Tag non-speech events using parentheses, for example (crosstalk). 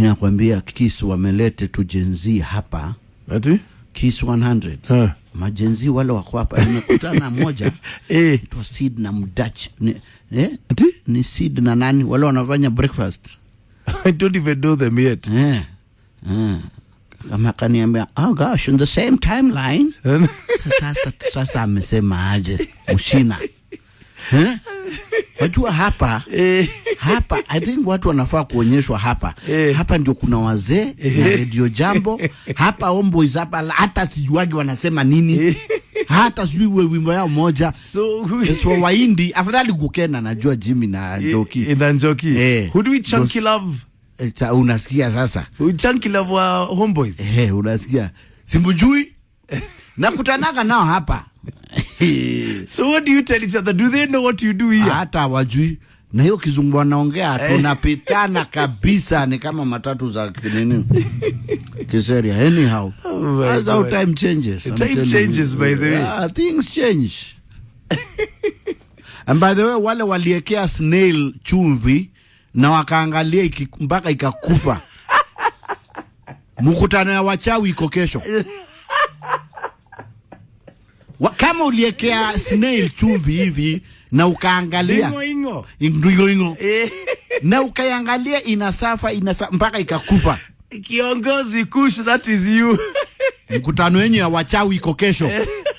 mi nakwambia Kiss wamelete tu tujenzii hapa Ati? kis 100 ha. Majenzi wale wako hapa, nimekutana moja (laughs) eh. itwa Sid na Mdach ni, eh? Ati? ni Sid na nani wale wanafanya breakfast (laughs) I don't even know them yet eh. Eh. Kama kaniambia oh gosh on the same timeline yaani? sasa, sasa amesema aje mshina eh? (laughs) wajua hapa Eh hapa I think watu wanafaa kuonyeshwa hapa eh. Hapa ndio kuna wazee eh. na Radio jambo hapa homeboys hapa hata sijuagi wanasema nini eh. hata sijui uwe wimbo yao moja so, so waindi afadhali kukena najua Jimmy na eh, Njoki eh, na Njoki eh. Who do we chunky love eh, Cha, unasikia sasa chunky love wa homeboys eh, unasikia simbujui nakutanaka nao hapa (laughs) so what do you tell each other do they know what you do here hata wajui na hiyo kizungu wanaongea eh. tunapitana kabisa, ni kama matatu za nini Kiseria. Anyhow, as how time changes, time changes by the way, ah, things change and by the way, wale waliekea snail chumvi na wakaangalia mpaka ikakufa. Mkutano ya wachawi iko kesho kama uliekea snail chumvi hivi na ukaangalia ingo ingo ingo, ingo. Eh. na ukaangalia inasafa inasafa mpaka ikakufa. Kiongozi Kush, that is you. Mkutano wenyewe ya wachawi iko kesho. Eh.